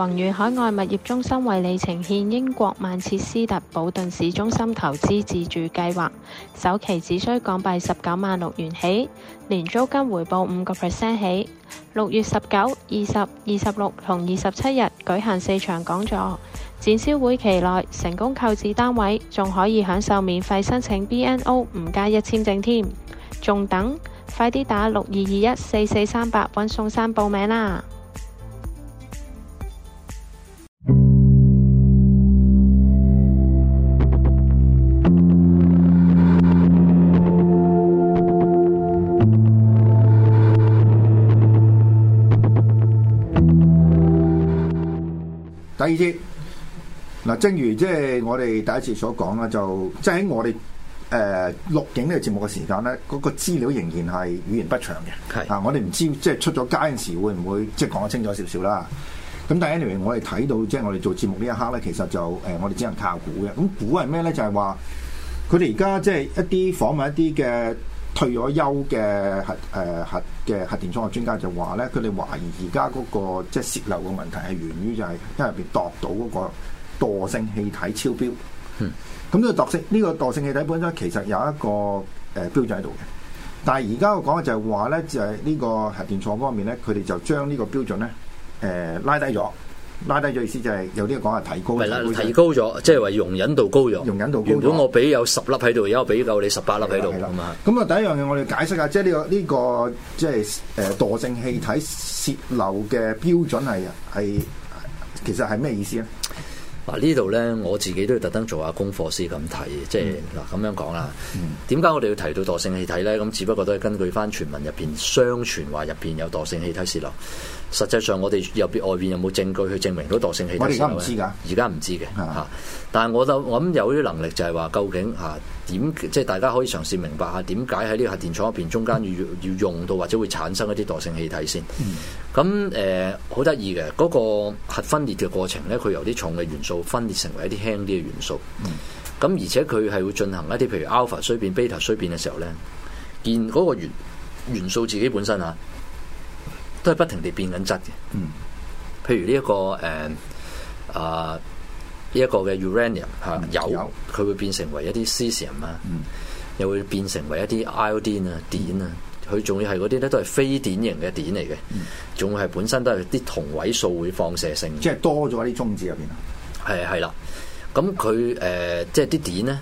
宏遠海外物業中心為你呈獻英國曼徹斯特保頓市中心投資自住計劃，首期只需港幣十九萬六元起，年租金回報五個 percent 起。六月十九、二十、二十六同二十七日舉行四場講座，展銷會期內成功購置單位，仲可以享受免費申請 BNO 五加一簽證添。仲等？快啲打六二二一四四三八搵宋生報名啦！嗱，正如即係我哋第一次所講啦，就即喺我哋誒錄影呢個節目嘅時間咧，嗰個資料仍然係語言不詳嘅。係啊是，我哋唔知即係出咗街嗰陣時會唔會即係講得清楚少少啦。咁但係 anyway，我哋睇到即係我哋做節目呢一刻咧，其實就誒我哋只能靠估嘅。咁估係咩咧？就係話佢哋而家即係一啲訪問一啲嘅。退咗休嘅核誒、呃、核嘅核、核電廠嘅專家就話咧，佢哋懷疑而家嗰個即係泄漏嘅問題係源於就係因為入面度到嗰個惰性氣體超標。嗯，咁呢個惰性呢、呢個惰性氣體本身其實有一個誒、呃、標準喺度嘅，但係而家我講嘅就係話咧，就係、是、呢個核電廠方面咧，佢哋就將呢個標準咧誒、呃、拉低咗。拉低咗意思就係有呢啲講係提高，係啦，提高咗，即係話容忍度高咗，容忍度高咗。原本我俾有十粒喺度，而家我俾夠你十八粒喺度。係啦的，咁啊的，第一樣嘢我哋解釋下，即係呢個呢、呢個即係誒惰性氣體泄漏嘅標準係係其實係咩意思咧？嗱、啊，呢度咧我自己都要特登做下功課先咁睇，即係嗱咁樣講啦。點解、嗯、我哋要提到惰性氣體咧？咁只不過都係根據翻傳聞入邊相傳話入邊有惰性氣體泄漏。實際上，我哋入邊外邊有冇證據去證明到惰性氣體先咧？而家唔知嘅嚇的、啊，但係我就我諗有啲能力就係話，究竟嚇、啊、點即係大家可以嘗試明白下點解喺呢個核電廠入邊中間要要用到或者會產生一啲惰性氣體先。咁誒好得意嘅嗰個核分裂嘅過程咧，佢由啲重嘅元素分裂成為一啲輕啲嘅元素。咁、嗯啊、而且佢係會進行一啲譬如 alpha 衰變、beta 衰變嘅時候咧，見嗰個元元素自己本身嚇。啊都係不停地變緊質嘅，嗯，譬如呢、這、一個誒啊呢一個嘅 Uranium 吓鈾、嗯，佢油會變成為一啲 Cesium 啊、嗯，又會變成為一啲 Iodine 啊碘啊、嗯，佢仲要係嗰啲咧都係非典型嘅碘嚟嘅，仲係、嗯、本身都係啲同位素會放射性，即係多咗一啲中子入邊啊，係係啦，咁佢誒即係啲碘咧，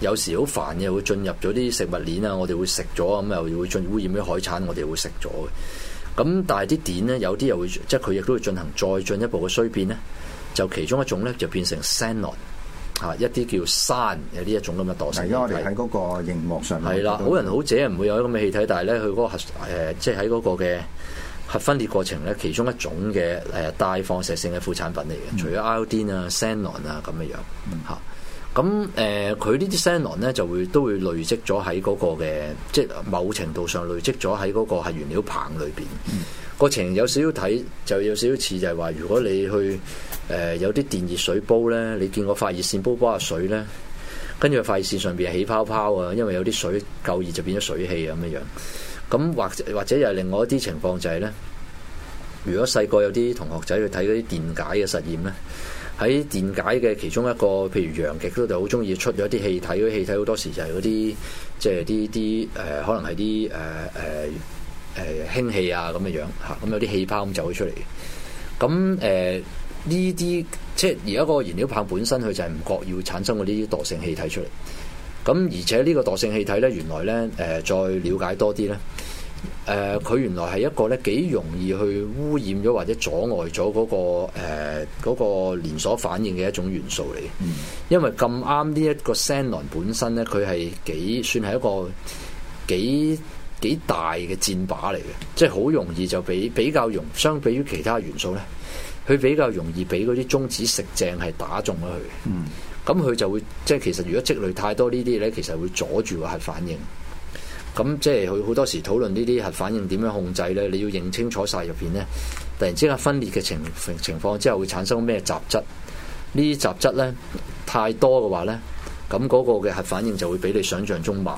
有時好煩嘅會進入咗啲食物鏈啊，我哋會食咗咁又會進污染啲海產，我哋會食咗嘅。咁、嗯、但係啲碘咧，有啲又會即係佢亦都會進行再進一步嘅衰變咧，就其中一種咧就變成 Xenon 啊，一啲叫 Xenon，有呢一種咁嘅惰性氣體。而家我哋喺嗰個熒幕上，係啦的，好人好者唔會有啲咁嘅氣體，但係咧佢嗰個核誒、呃，即係喺嗰個嘅核分裂過程咧，其中一種嘅誒帶放射性嘅副產品嚟嘅，嗯、除咗 iodine 啊、Xenon 啊咁嘅樣嚇。啊嗯咁誒，佢、呃、呢啲 Xenon 咧，就會都會累積咗喺嗰個嘅，即係某程度上累積咗喺嗰個係原料棒裏邊。嗯、過程有少少睇，就有少少似就係話，如果你去誒、呃、有啲電熱水煲咧，你見個發熱線煲煲下水咧，跟住發熱線上邊起泡泡啊，因為有啲水夠熱就變咗水氣咁樣樣。咁或者或者又係另外一啲情況就係咧，如果細個有啲同學仔去睇嗰啲電解嘅實驗咧。喺電解嘅其中一個，譬如陽極嗰度好中意出咗一啲氣體，氣體好多時就係嗰啲即係啲啲誒，可能係啲誒誒誒氫氣啊咁嘅樣嚇，咁、嗯、有啲氣泡咁走出嚟。咁誒呢啲即係而家個燃料棒本身佢就係唔覺要產生嗰啲惰性氣體出嚟。咁、嗯、而且呢個惰性氣體咧，原來咧誒、呃、再了解多啲咧。誒，佢、呃、原來係一個咧，幾容易去污染咗或者阻礙咗嗰個誒嗰、呃那個連鎖反應嘅一種元素嚟。嗯，因為咁啱呢一個氙同本身咧，佢係幾算係一個幾幾大嘅戰靶嚟嘅，即係好容易就比比較容，相比於其他元素咧，佢比較容易俾嗰啲中子食正係打中咗佢。嗯，咁佢就會即係其實如果積累太多呢啲咧，其實會阻住核反應。咁即係佢好多時討論呢啲核反應點樣控制呢？你要認清楚晒入邊呢，突然之間分裂嘅情情況之後會產生咩雜質？呢啲雜質呢，太多嘅話呢，咁嗰個嘅核反應就會比你想像中慢。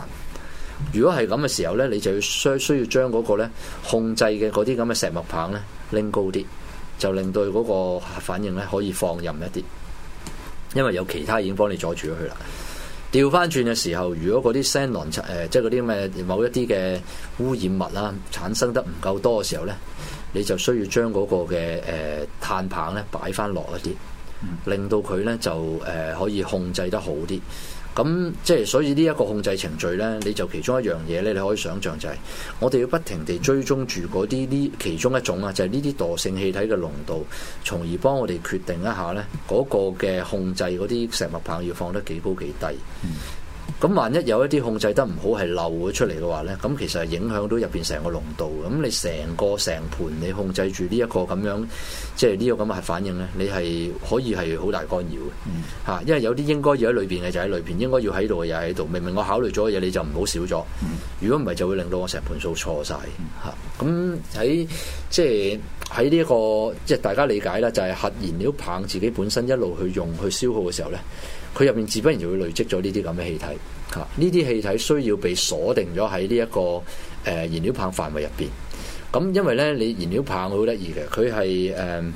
如果係咁嘅時候呢，你就需要需需要將嗰個呢控制嘅嗰啲咁嘅石墨棒呢拎高啲，就令到嗰個核反應呢可以放任一啲，因為有其他已經幫你阻住咗佢啦。調翻轉嘅時候，如果嗰啲聲浪誒，即係嗰啲咩某一啲嘅污染物啦、啊，產生得唔夠多嘅時候咧，你就需要將嗰個嘅誒、呃、碳棒咧擺翻落一啲，令到佢咧就誒、呃、可以控制得好啲。咁即係所以呢一個控制程序呢，你就其中一樣嘢呢，你可以想象就係、是、我哋要不停地追蹤住嗰啲呢其中一種啊，就係呢啲惰性氣體嘅濃度，從而幫我哋決定一下呢嗰、那個嘅控制嗰啲石墨棒要放得幾高幾低。嗯。咁萬一有一啲控制得唔好，係漏咗出嚟嘅話咧，咁其實係影響到入邊成個濃度。咁你成個成盤，你控制住呢一個咁樣，即係呢個咁嘅核反應咧，你係可以係好大干擾嘅嚇。嗯、因為有啲應該要喺裏邊嘅就喺裏邊，應該要喺度嘅又喺度。明明我考慮咗嘅嘢，你就唔好少咗。如果唔係，就會令到我成盤數錯晒。嚇、嗯。咁喺即係喺呢個即係、就係、大家理解啦，就係、係、核燃料棒自己本身一路去用去消耗嘅時候咧。佢入面自不然就會累積咗呢啲咁嘅氣體。嚇，呢啲氣體需要被鎖定咗喺呢一個誒、呃、燃料棒範圍入邊。咁因為咧，你燃料棒好得意嘅，佢係誒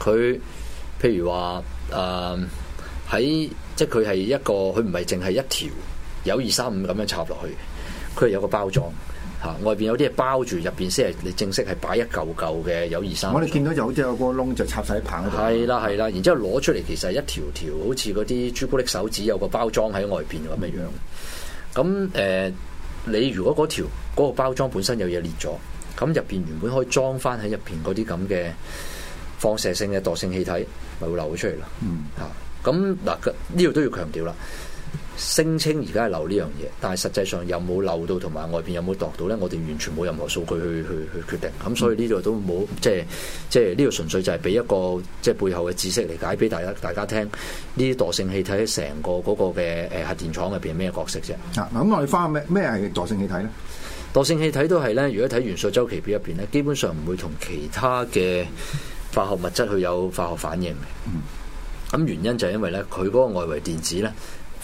佢譬如話誒喺即係佢係一個，佢唔係淨係一條有二三五咁樣插落去，佢係有個包裝。外邊有啲嘢包住，入邊先係你正式係擺一嚿嚿嘅鈾二三。我哋見到就好似有個窿就插晒喺棒度。係啦係啦，然之後攞出嚟其實一條條，好似嗰啲朱古力手指有個包裝喺外邊咁嘅樣。咁誒、呃，你如果嗰條嗰個包裝本身有嘢裂咗，咁入邊原本可以裝翻喺入邊嗰啲咁嘅放射性嘅惰性氣體，咪會流咗出嚟啦。嗯，咁嗱、啊，呢度都要強調啦。聲稱而家係漏呢樣嘢，但係實際上有冇漏到同埋外邊有冇度到咧？我哋完全冇任何數據去去去決定。咁所以呢度都冇，即係即係呢度純粹就係俾一個即係背後嘅知識嚟解俾大家大家聽。呢啲惰性氣體喺成個嗰個嘅誒、呃、核電廠入邊係咩角色啫？咁、啊、我哋翻咩咩係惰性氣體呢？惰性氣體都係咧，如果睇元素周期表入邊咧，基本上唔會同其他嘅化學物質去有化學反應嘅。嗯，咁原因就係因為咧，佢嗰個外圍電子咧。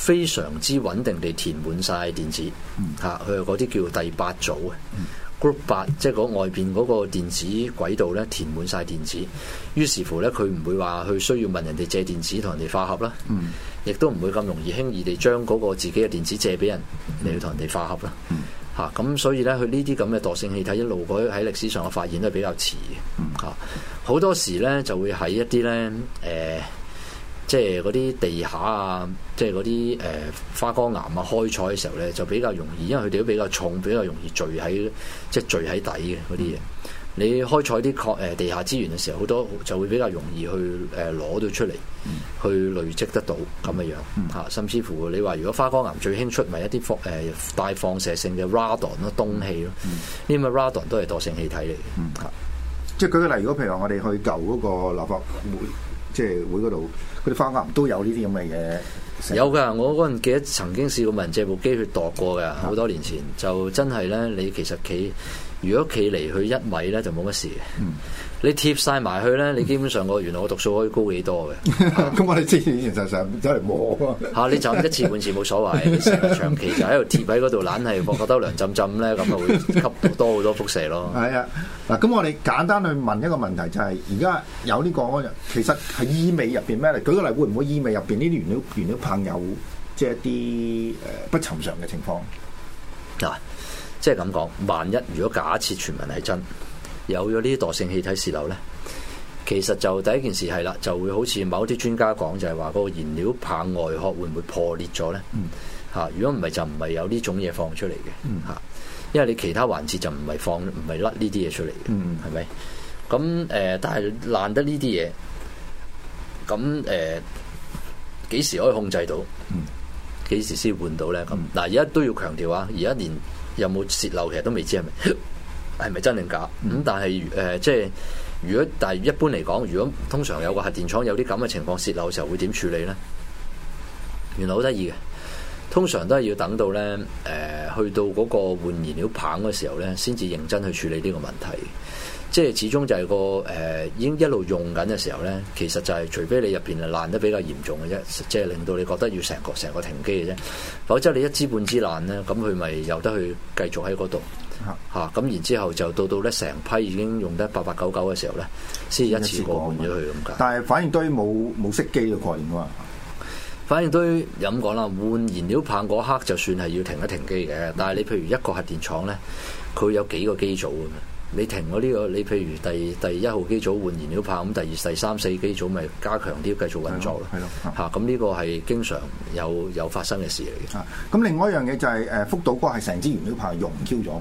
非常之穩定地填滿晒電子，嚇佢係嗰啲叫第八組嘅、嗯、group 八，即係外邊嗰個電子軌道咧，填滿晒電子。於是乎咧，佢唔會話去需要問人哋借電子同人哋化合啦，嗯、亦都唔會咁容易輕易地將嗰個自己嘅電子借俾人嚟去同人哋化合啦。嚇咁、嗯啊、所以咧，佢呢啲咁嘅惰性氣體一路喺歷史上嘅發現都係比較遲嘅。嚇、啊、好多時咧就會喺一啲咧誒。呃呃即係嗰啲地下啊，即係嗰啲誒花崗岩啊，開採嘅時候咧就比較容易，因為佢哋都比較重，比較容易聚喺即係聚喺底嘅嗰啲嘢。你開採啲礦誒地下資源嘅時候，好多就會比較容易去誒攞到出嚟，嗯、去累積得到咁嘅樣嚇。甚至乎你話，如果花崗岩最興出咪一啲帶誒放射性嘅 radon 咯，氡氣咯，呢啲 radon 都係惰性氣體嚟嘅。嗯是即係舉個例，如果譬如話我哋去舊嗰個立法會。即係會嗰度，嗰啲花崗岩都有呢啲咁嘅嘢。有㗎，我嗰陣記得曾經試過問借部機去度過㗎，好多年前、啊、就真係咧，你其實企。如果企離佢一米咧，就冇乜事。嗯，你貼晒埋去咧，你基本上個原來我讀數可以高幾多嘅。咁我哋之前其實成日走嚟摸喎。你就一次半次冇所謂。你成日長期就喺度貼喺嗰度冷氣，我覺得涼浸浸咧，咁就會吸到多好多輻射咯。係啊、 嗯，嗱，咁我哋簡單去問一個問題，就係而家有呢個其實係意味入邊咩嚟？舉個例，會唔會意味入邊呢啲原料原料棒有即係一啲誒不尋常嘅情況？啊！啊即係咁講，萬一如果假設傳聞係真，有咗呢啲惰性氣體洩漏呢，其實就第一件事係啦，就會好似某啲專家講，就係話個燃料棒外殼會唔會破裂咗呢？嗯。嚇，如果唔係就唔係有呢種嘢放出嚟嘅。嗯。嚇，因為你其他環節就唔係放唔係甩呢啲嘢出嚟嘅。嗯。係咪？咁誒、呃，但係爛得呢啲嘢，咁誒幾時可以控制到？嗯。幾時先換到呢？咁嗱，而家都要強調啊！而家連。有冇泄漏其實都未知係咪係咪真定假咁？但係誒、呃，即係如果但係，一般嚟講，如果通常有個核電廠有啲咁嘅情況泄漏嘅時候，會點處理呢？原來好得意嘅，通常都係要等到呢，誒、呃，去到嗰個換燃料棒嘅時候呢，先至認真去處理呢個問題。即係始終就係個誒、呃、已經一路用緊嘅時候咧，其實就係除非你入邊係爛得比較嚴重嘅啫，即係令到你覺得要成個成個停機嘅啫。否則你一支半支爛咧，咁佢咪由得去繼續喺嗰度嚇。咁、啊啊、然之後就到到咧成批已經用得八八九九嘅時候咧，先一次過換咗佢咁解。但係反應堆冇冇熄機嘅概念啊？有反應堆又咁講啦，換、嗯、燃料棒嗰刻就算係要停一停機嘅。但係你譬如一個核電廠咧，佢有幾個機組嘅。你停咗呢個，你譬如第第一號機組換燃料棒，咁第二、第三、四機組咪加強啲繼續運作咯。係咯，嚇！咁呢個係經常有有發生嘅事嚟嘅。嚇！咁另外一樣嘢就係誒福島哥係成支燃料棒熔燒咗嘅。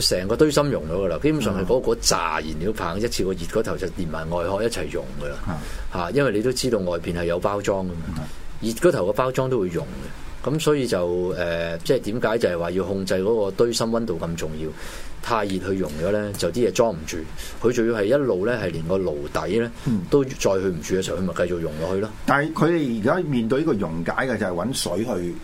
佢成個堆心熔咗㗎啦，基本上係嗰個炸燃料棒一次個熱嗰頭就連埋外殼一齊熔㗎啦。嚇！因為你都知道外邊係有包裝㗎嘛，熱嗰頭個包裝都會熔嘅。咁所以就誒，即係點解就係話要控制嗰個堆心溫度咁重要？太熱去溶咗咧，就啲嘢裝唔住。佢仲要係一路咧，係連個爐底咧、嗯、都再去唔住嘅時候，佢咪繼續溶落去咯。但係佢哋而家面對呢個溶解嘅就係揾水去，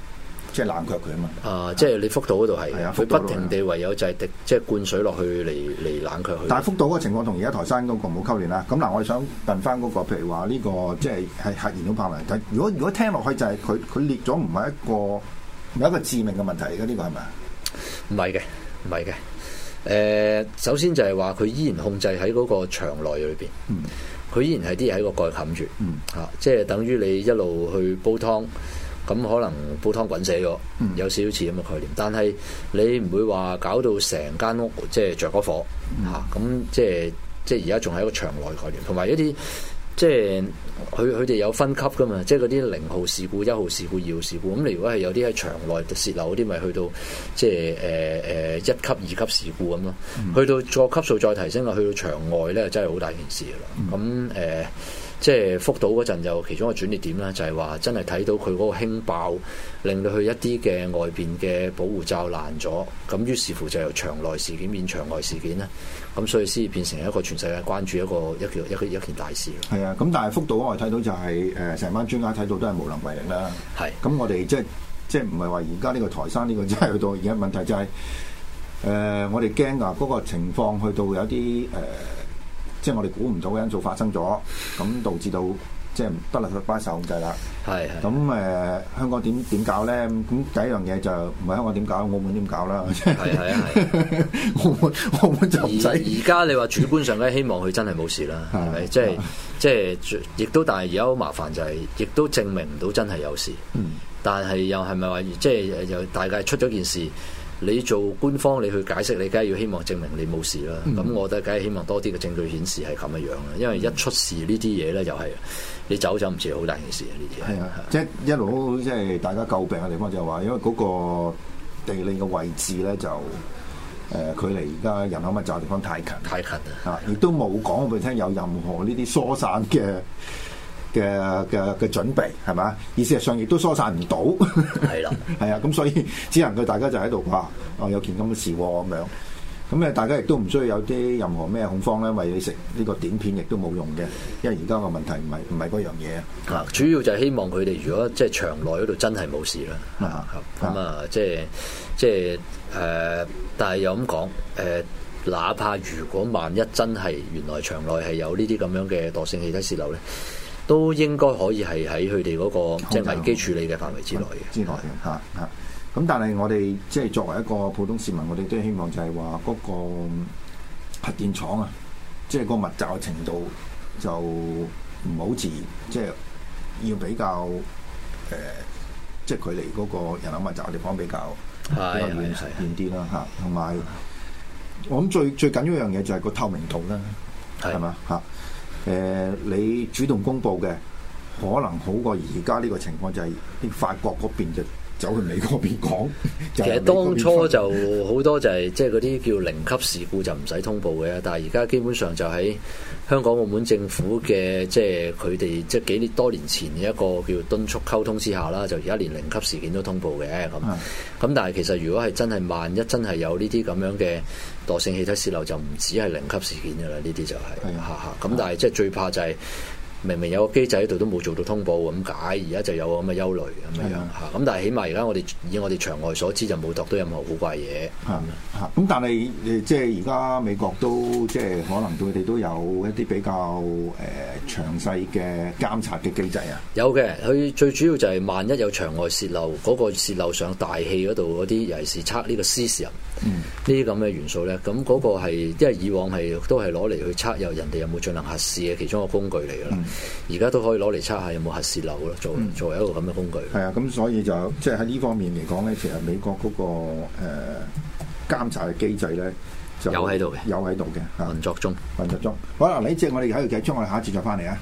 即係冷卻佢啊嘛。啊，啊即係你福島嗰度係，佢不停地唯有就係滴，即係灌水落去嚟嚟冷卻佢。但係福島嗰個情況同而家台山嗰個冇溝連啊。咁嗱，我哋想問翻嗰個，譬如話呢個即係係核燃料棒埋。如果如果聽落去就係佢佢裂咗，唔係一個唔係一個致命嘅問題，而家呢個係咪啊？唔係嘅，唔係嘅。誒、呃，首先就係話佢依然控制喺嗰個牆內裏邊，佢、嗯、依然係啲嘢，喺個蓋冚住，吓、嗯啊，即係等於你一路去煲湯，咁可能煲湯滾死咗，嗯、有少少似咁嘅概念。但係你唔會話搞到成間屋即係着咗火，吓、嗯，咁、啊、即係即係而家仲係一個牆內概念，同埋一啲。即係佢佢哋有分級噶嘛，即係嗰啲零號事故、一號事故、二號事故。咁、嗯、你如果係有啲喺場內泄漏啲，咪去到即係誒誒一級、二級事故咁咯。去到個級數再提升，去到場外咧，真係好大件事噶啦。咁、嗯、誒。嗯嗯呃即係福島嗰陣，又其中一個轉捩點咧，就係話真係睇到佢嗰個氫爆，令到佢一啲嘅外邊嘅保護罩爛咗，咁於是乎就由場內事件變場外事件咧，咁所以先變成一個全世界關注一個一件一件大事。係啊，咁但係福島我哋睇到就係、是、誒，成、呃、班專家睇到都係無能為力啦。係是，咁我哋即係即係唔係話而家呢個台山呢個真係去到而家問題就係、是、誒、呃，我哋驚啊嗰個情況去到有啲誒。呃即係我哋估唔到嘅因素發生咗，咁導致到即係唔得啦，佢受控制啦。係係是。咁、呃、誒，香港點點搞咧？咁第一樣嘢就唔、是、係香港點搞，澳門點搞啦。係係啊！澳門澳門就唔使。而家你話主觀上咧，希望佢真係冇事啦。係係是是。即係即係，亦、就是、都但係而家好麻煩就係、是，亦都證明唔到真係有事。嗯、但係又係咪話，即係又大概出咗件事？你做官方，你去解釋，你梗係要希望證明你冇事啦。咁、嗯、我覺得梗係希望多啲嘅證據顯示係咁嘅樣啦。因為一出事呢啲嘢咧，又係、嗯、你走走唔似好大件事啊。呢啲係啊，的的即係一路即係的大家詬病嘅地方就，就係話因為嗰個地理嘅位置咧，就誒、呃、距離而家人口密集嘅地方太近，太近啊！亦都冇講俾你聽有任何呢啲疏散嘅。嘅嘅嘅準備係嘛？意思上亦都疏散唔到，係 啦的，係啊， 咁所以只能夠大家就喺度話：哦、啊，有件咁嘅事咁、啊、樣。咁咧，大家亦都唔需要有啲任何咩恐慌咧，為你食呢個短片亦都冇用嘅，因為而家個問題唔係唔係嗰樣嘢。啊，主要就係希望佢哋如果即係場內嗰度真係冇事啦。咁啊，即係即係誒、呃，但係又咁講誒，哪怕如果萬一真係原來場內係有呢啲咁樣嘅惰性氣體洩漏咧。都應該可以係喺佢哋嗰個好好即係危機處理嘅範圍之，之內嘅，之內嘅嚇，咁但係我哋即係作為一個普通市民，我哋都希望就係話嗰個核電廠啊，即係個密集嘅程度就唔好自然，即係要比較誒，即、呃、係、就係、距離嗰個人口密集嘅地方比較的比較遠遠啲啦嚇。同埋的的我諗最最緊要一樣嘢就係個透明度啦，係嘛嚇。誒、呃，你主動公布嘅，可能好過而家呢個情況，就係、是、啲法國嗰邊就走去你嗰邊講，其實當初就好多就係即係嗰啲叫零級事故就唔使通報嘅，但係而家基本上就喺香港、澳門政府嘅即係佢哋即係幾年多年前嘅一個叫敦促溝通之下啦，就而家連零級事件都通報嘅咁。咁但係其實如果係真係，萬一真係有呢啲咁樣嘅惰性氣體泄漏，就唔止係零級事件噶啦，呢啲就係嚇嚇。咁但係即係最怕就係、是。明明有個機制喺度，都冇做到通報，咁解？而家就有咁嘅憂慮咁樣樣嚇。咁、啊、但係起碼而家我哋以我哋場外所知，就冇度到任何古怪嘢。嚇咁、啊啊、但係、呃、即係而家美國都即係可能對佢哋都有一啲比較誒、呃、詳細嘅監察嘅機制啊？有嘅，佢最主要就係萬一有場外洩漏，嗰、那個洩漏上大氣嗰度嗰啲，尤其是測呢個私 e s 呢啲咁嘅元素咧，咁、那、嗰個係因為以往係都係攞嚟去測，有人哋有冇進行核試嘅其中一個工具嚟㗎啦。嗯而家都可以攞嚟測下有冇核洩漏咯，做作為一個咁嘅工具。係啊、嗯，咁所以就即係喺呢方面嚟講咧，其實美國嗰個誒、呃、監察嘅機制咧，就有喺度嘅，有喺度嘅，運作中，運作中。好啦，即係我哋喺度繼續，將我哋下一次再翻嚟啊。